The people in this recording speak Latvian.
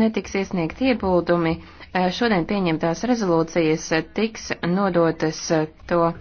netiks iesniegt iebūdumi, šodien pieņemtās rezolūcijas tiks nodotas eh, to